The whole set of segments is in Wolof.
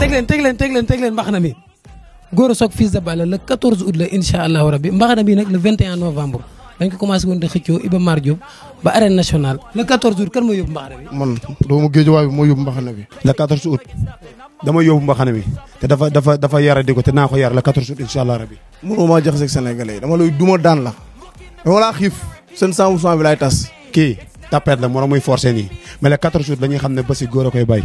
teg leen teg leen teg leen teg leen mbaxana mi a Sock fils de Balla le 14 août la incha allahu rabbi mbaxana bi nag le 21 novembre dañ ko commencé woon di xëccoo Iba Mar Diop ba arène nationale le 14 août kan moo yóbbu mbaxana bi. man doomu géejuwaay dama yóbbu mbaxana bi te dafa dafa dafa yaradi ko te naa ko yar le 14 août incha allah rabbi. mënoo maa jaxase ak sénégalais dama lay duma daan la. dama laa xiif seen 100% bi laay tas. kii tapet la morom muy forcé nii mais le 14 août xam ne ba si koy bay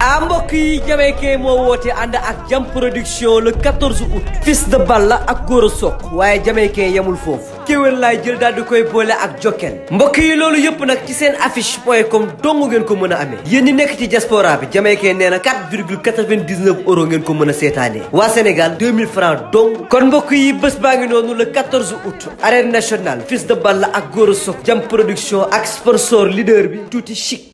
a ah, mbokk yi jameekee moo woote ànd ak jam production le 14 août fils de Balla ak Gora Sock waaye jameekee yamul foofu kéwél laay jël daal di koy boole ak jokkeel mbokk yi loolu yëpp nag ci seen affiche point com dong ngeen ko mën a amee yéen ñi nekk ci diaspora bi jameekee nee na 4 virgule 99 euros ngeen ko mën a seetaanee waa Sénégal 2000 francs dong kon mbokk yi bés baa ngi noonu le 14 août national nationale fils de Balla ak Gora Sock jam production ak sponsor leader bi tuuti chic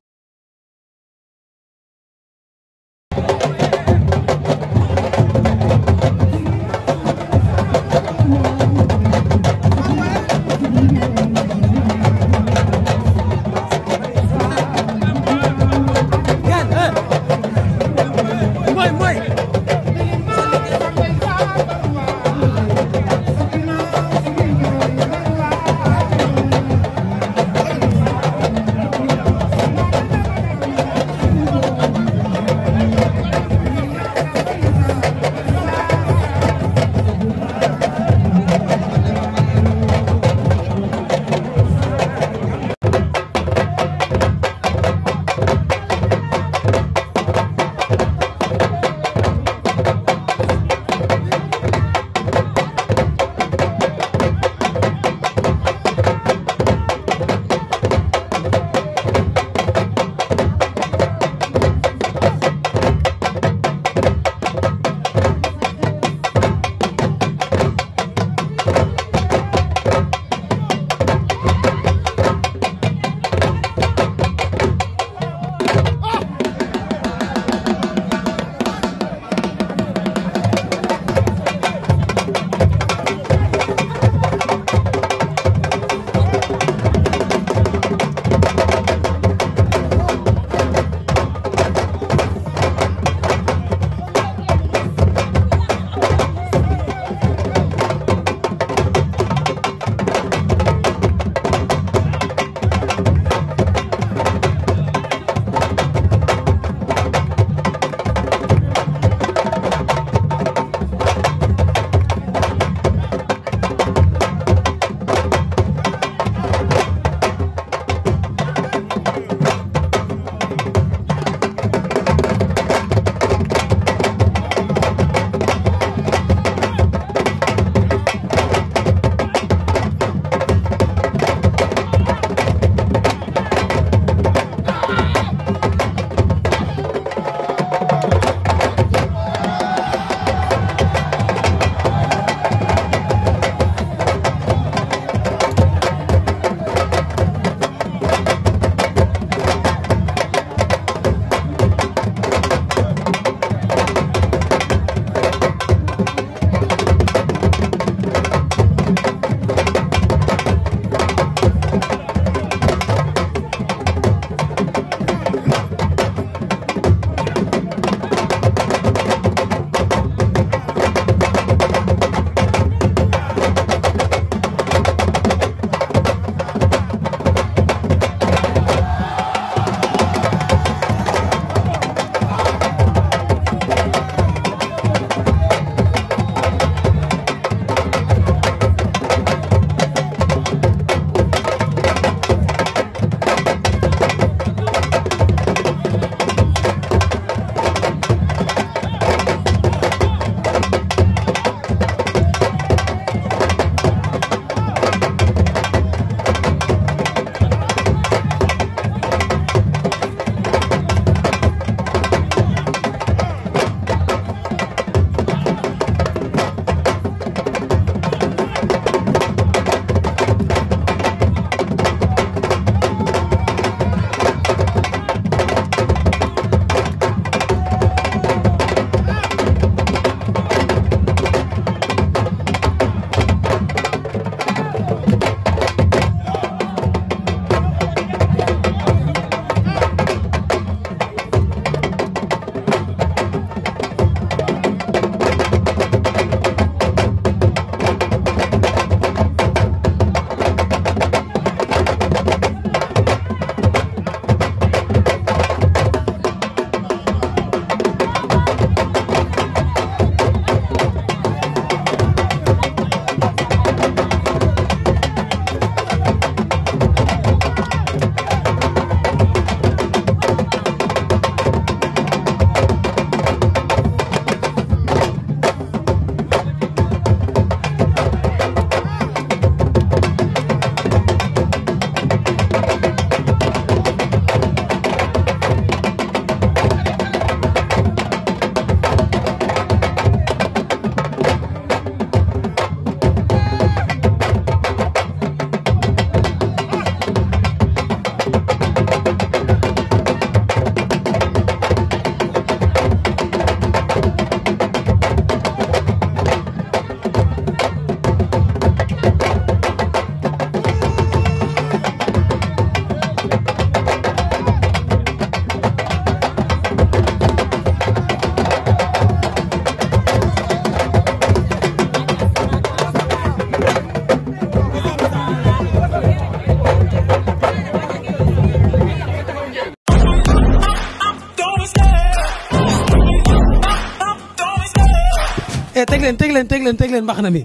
leen teg leen teg leen teg leen mbaxana mi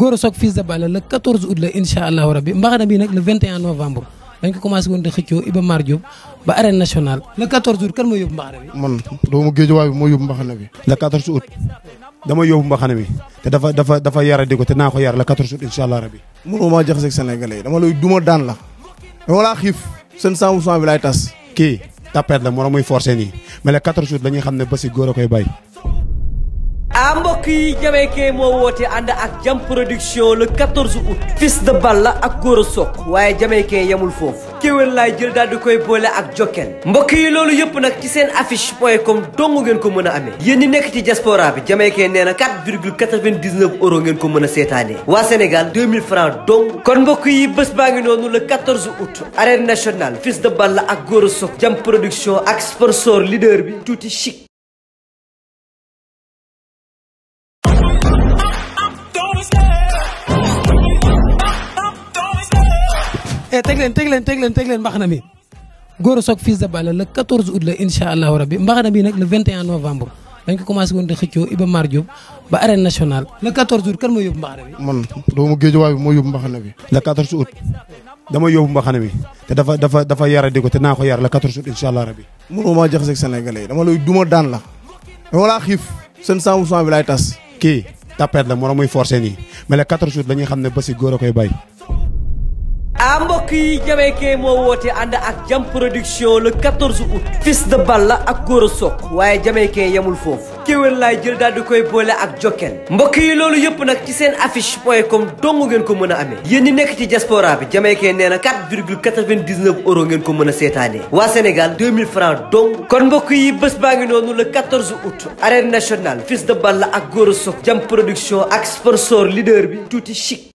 Gora Sock fils de Balla le 14 août la incha allahu rabi mbaxana bi nag le 21 novembre dañ ko commencé woon di xëccoo Iba Mar Diop ba arène nationale le 14 août kan moo yóbbu mbaxana bi. man doomu géejewaay bi moo yóbbu mbaxana bi. le 14 août dama yóbbu mbaxana bi te dafa dafa dafa yara di ko te naa ko yar le 14 août incha allah rabi. mënoo maa jaxaseeg sénégalais yi dama lay duma daan la. dama laa xiif seen 100% bi laay tas. kii tapet la moom muy forcé nii mais le 14 août la ñuy xam ne ba si góor a koy bay a mbokk yi jamaykee moo woote ànd ak jam production le 14 août fils de Balla ak Gora Sock waaye jamaykee yamul foofu kéwél laay jël daal di koy boole ak jokkeel mbokk yi loolu yëpp nag ci seen affiche point com dong ngeen ko mën a amee yéen ñi nekk ci diaspora bi jamaykee nee na 4 virgule 99 euros ngeen ko mën a seetaanee waa Sénégal 2000 francs dong kon mbokk yi bés baa ngi noonu le 14 août arène nationale fils de Balla ak Gora Sock jam production ak sponsor leader bi tuuti chic e teg leen teg leen teg leen teg leen mbaxana mi Gora Sock fils la incha allahu rabbi mbaxana bi nag le 21 novembre dañ ko commencé woon di moo yóbbu mbaxana bi. man doomu géejuwaay bi mbaxana bi. le dama yóbbu mbaxana te dafa dafa dafa yara di ko te naa ko yar le 14 août incha allah rabbi. mënoo maa jaxase ak dama lay duma daan la. dama laa xiif seen sàmm sang bi laay tas. kii tapet la morom muy forcé nii mais le 14 août ñuy xam ne ba si góor a koy bay a ah, mbokk yi jameekee moo woote ànd ak jam production la 14 août fils de Balla ak Gora Sock waaye jameekee yamul foofu kéwél laay jël daal di koy boole ak Jokkel mbokk yi loolu yëpp nag ci seen affiche point com dong ngeen ko mën a amee yéen ñi nekk ci diaspora bi jameekee nee na 4 virgule 99 euros ngeen ko mën a seetaanee waa Sénégal 2000 francs dong kon mbokk yi bés baa ngi noonu le 14 août national nationale fils de Balla ak Gora Sock jam production ak sponsor leader bi tuuti chic